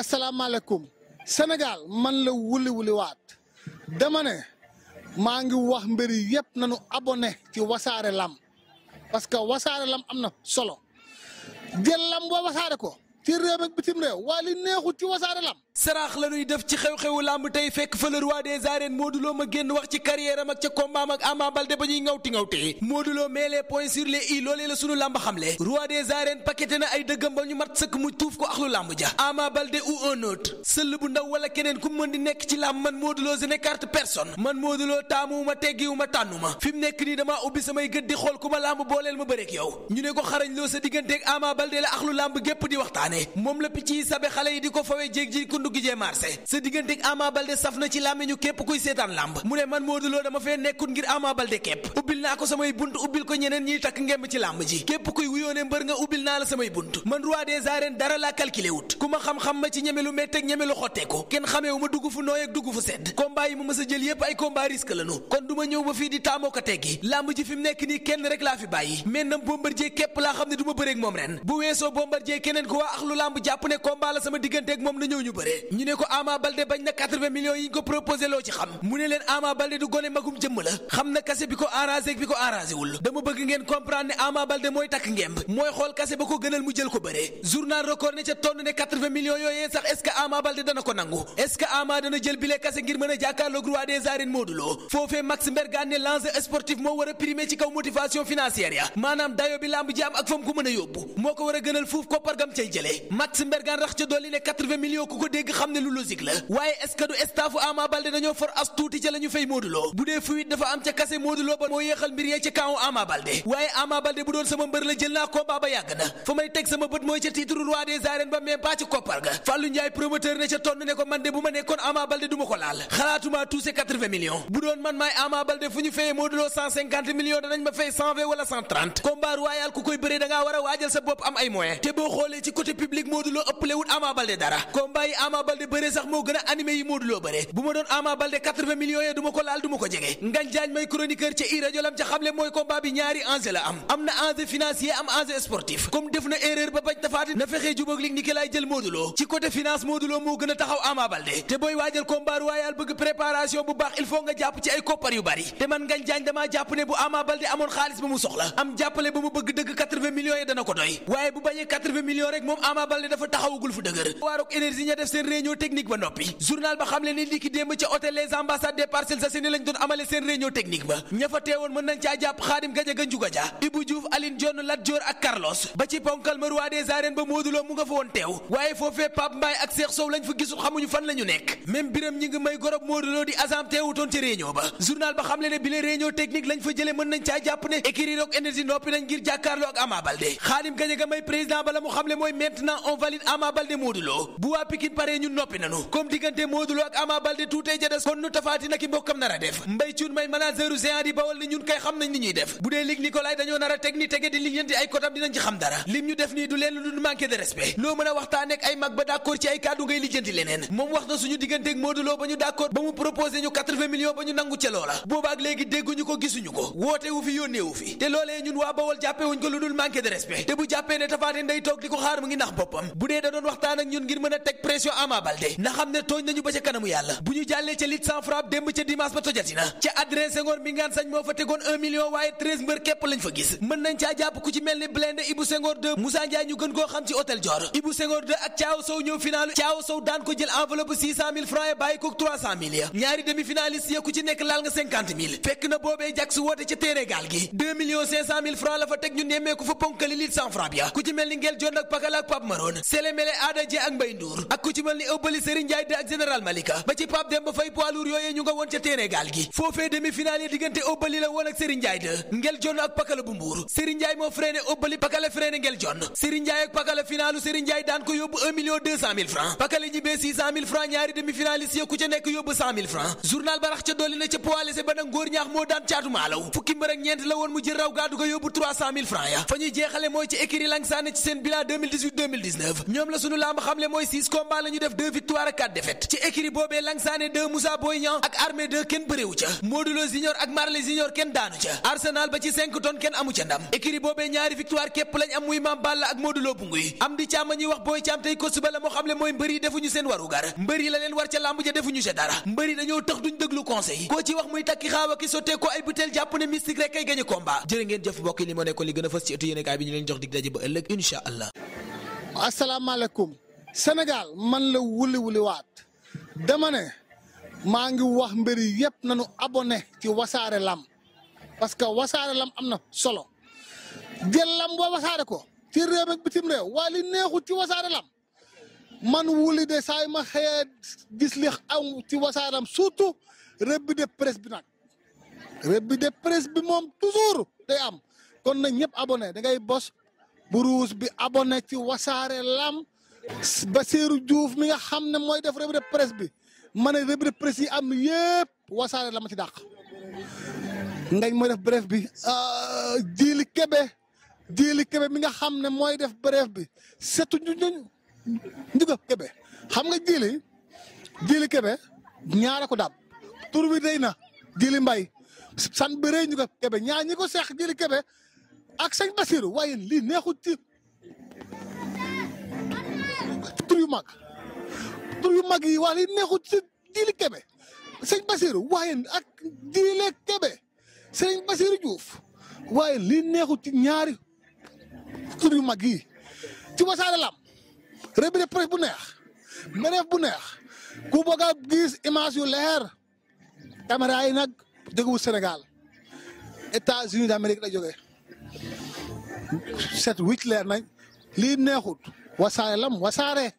asalaamaaleykum Sénégal man la wuli wuli waat dama maa ngi wax mbir yëpp nañu abonné ci wasaare lam parce que wasaare lam am na solo jël lam boo wasaare ko ci réew ak bitim réew waa li neexut ci wasaare lam saraax la ñuy def ci xew-xewu làmb tey fekk fa le roi des arènes Modou Lo ma génn wax ci carrière ak ca combat ak Ama ba ñuy ngawti ngawti Modou Lo met les sur les i loolee la sunu làmb xamle roi des arènes paqueté na ay dëggam ba ñu mat sëkk mu tuuf ko axlu làmb ja Ama Baldé ou un autre bu ndaw wala keneen ku mën di nekk ci làmb man Modou Lo je n'écarte personne man Modou Lo taamuwuma teggiwuma tànnuma fi nekk nii damaa ubbi samay gët di xool ku ma làmb booleel ma bëreek yow ñu ne ko xarañ loo sa digganteeg Ama Baldé di waxtaane moom la picc yi sabe xale tondu Guijé Marseille sa digganteeg Ama Baldé saf na ci làmmiñu képp kuy seetaan làmb mu ne man Modou dama fee nekkut ngir Ama Baldé képp ubbil naa ko samay bunt ubbil ko ñeneen ñiy takk ngemb ci làmb ji képp kuy wuyoone mbër nga ubbil naa la samay bunt man roi des dara laa calculé ku ma xam-xam ma ci ñeme lu métteeg ñeme lu xotteeku kenn xameewu ma dugg fu nooy ak dugg fu sedd combat yi ma mës a jël yépp ay combat risque la nu kon du ma ñëw ba fii di taamoo ko teggi làmb ji fi mu nekk nii kenn rek laa fi bàyyi maintenant bombardier képp laa xam ne du ma bëreeg moom ren bu weesoo bombardier ne combat la sama na ñëw seeg dama bëgg ngeen comprendre ne Ama Baldé mooy takk ngemb mooy xool kase ba ko gënal mu jël ko bëree journal record ne ca tonn ne 80 yooyee sax est ce que dana ko nangu est ce que dana jël bile kase ngir mën a jàkkaarloog roi des arènes Modou foofee Max Mbergane ne l'enjeu sportif moo war a ci kaw motivation financière ya maanaam dayo bi lamb ji am ak fam ko mën yóbbu moo ko war gënal fuuf koppar gam cay jëlee Max Mbergane rax ca dolli yéexal mbir yee ci kaw Ama waaye Ama bu doon sama mbër la jël naa combat ba yàgg na fa may teg sama bët mooy ca titre roi ba mais ci koppar ga Fallou Ndiaye promoteur ne ca tonn ne ko man de bu ma nekkoon Ama Baldé ko laal xalaatuma tuuse 80 bu doon man maay Ama fu ñu fayee Modou Lo 150 millions ma fay 120 wala 130 ku koy bëree da ngaa waajal sa bopp am ay moyens te boo xoolee ci côté public moo rajo lam ca xamle mooy combat bi ñaari enjeu la am am na enjeu financier am enjeu sportif comme def na erreur ba bañ tafaati na fexee jubóog lig ki laay jël Modou ci côté finance Modou moo gën a taxaw Ama te booy waajal combat royal bëgg préparation bu baax il faut nga jàpp ci ay koppar yu bari te man ngañ jaañ damaa jàpp ne bu Ama amoon xaalis ba mu soxla am jàppale ba mu bëgg dëgg 80 yi dana ko doy waaye bu bañee 80 millions woon mën nañ caa jàpp xaadim gajaga njuga ja Ibou Diouf Aline Dione Lat ak Carlos ba ci ponkal ma roi des ba Modou mu nga fa woon teew waaye foofee Pape Mbaye ak Cheikh Sow lañ fa gisul xamuñu fan la nekk même biram ñi ngi may gorob Modou di agent teewutoon ca réunion ba journal ba xam ne bi le technique lañ fa jële mën nañ caa jàpp ne écurie Rock noppi nañ ngir jàkkaarloo ak Ama Baldé xaadim gajaga may président ba mu xam a def mbay cuun may manageru géant ñun kay def bu dee Luc Nicolaï dañoo nar teg ni tege di lijjanti ay kotam dinañ ci xam dara lim ñu def nii du leen lu dul manqué de respect loo mën a waxtaane ak ay mag ba d'accord ci ay kàddu ngay lijjanti leneen moom wax na suñu diggante ak ba ñu d'accord ba mu proposé ñu 80 ba ñu nangu ca loola boobaak léegi dégguñu ko gisuñu ko woote fi yónnee fi te loolee ñun waa Bawol jàppe ko lu dul manqué de respect te bu jàppee ne tegoon million waaye mbër képp lañ fa gis mën nañ caa jàpp ku ci mel ni Blindé Ibou Senghor 2 Moussa Ndiaye ñu gën koo xam ci hôtel Dior Ibou Senghor 2 ak Thiaw Sow ñëw finalu Thiaw Sow daan ko jël enveloppe 600 000 francs et bàyyi ko 300 ya ñaari demi-finaliste ya ku ci nekk laal nga fekk na boobee jak woote ca téere gaal gi 2 francs la fa teg ñu nemmeeku fa ponkali liit 100 francs bi ku ci mel ni Ngel Jonn ak Pakala ak Pape Maroon Sélémélé woon ak Serigne Ndiaye 2 ngel jonn ak pakala bu mbuur Serigne Ndiaye moo freiné ëbbali pakala freiné ngel jonn Serigne Ndiaye ak pakala finaalu Serigne Ndiaye daan ko yóbbu 1 pakala ñibbee 600 ñaari demi finaliste ya ca nekk yóbbu 100 journal barax ca dolli na ca poalese ba nag ñaax moo daan caatu maalaw fukki mbër ñeent la woon mu jël raw gaadu ko yóbbu 300 ya fa ñuy jeexale mooy ci écurie Lang ci seen bilan ñoom la sunu lamb xamle kenn daanu ca Arsenal ba ci 5 tonnes kenn amu ca ndam écurie boobee ñaari victoire képp lañ am muy Mame Balla ak Modou Lo bu nguy am di càmm ñuy wax booy càmm tey ko suba la moo xam mooy mbër yi defuñu seen waru gar mbër yi la leen war ca làmb ja defuñu ca dara mbër yi dañoo tax duñ déglu conseil koo ci wax muy takki xaaw aki ko ay butéel jàpp ne mystique rek kay gañe combat jërë ngeen a fës ci ëttu yéenekaay jox dig daje ba ëllëg incha allah asalaamaaleykum Sénégal man la wuli wuli parce que wasaare lam am na solo jël lam ba wasaare ko ci réew ak bitim réew waa li neexul ci wasaare lam man wuli de saa yi ma xëyee gis li am ci wasaaram surtout revue de presse bi nag revue de presse bi moom toujours day am kon na ñëpp abonné da ngay bos buruus bi abonné ci wasaare lam Bassirou Diouf mi nga xam ne mooy def revue de presse bi ma ne revue de presse yi am yëpp wasaare lam ci dàq ngañ mooy def bref bi jiili kebe jiili kebe mi nga xam ne mooy def bref bi setu ñu ñu njuga kebe xam nga jiili jiili kebe ñaara ko daal tur wi day na jiili mbay san bëree njuga kebe ñaar ñi ko seex jiili kebe ak sëñ Basiru waaye li neexul ci tur yu mag tur yu mag yi wax neexul ci jiili kebe sëñ Basiru waaye ak jiile kebe Serigne Bassirou Diouf waaye li neexu ci ñaari tur yu mag yi ci Wassare lam revue de presse bu neex mereef bu neex ku bëgg a gis yu leer caméra yi nag jógewul Sénégal États-Unis d'Amérique la jógee set huit leer nañ lii neexut Wassare Lamb Wassare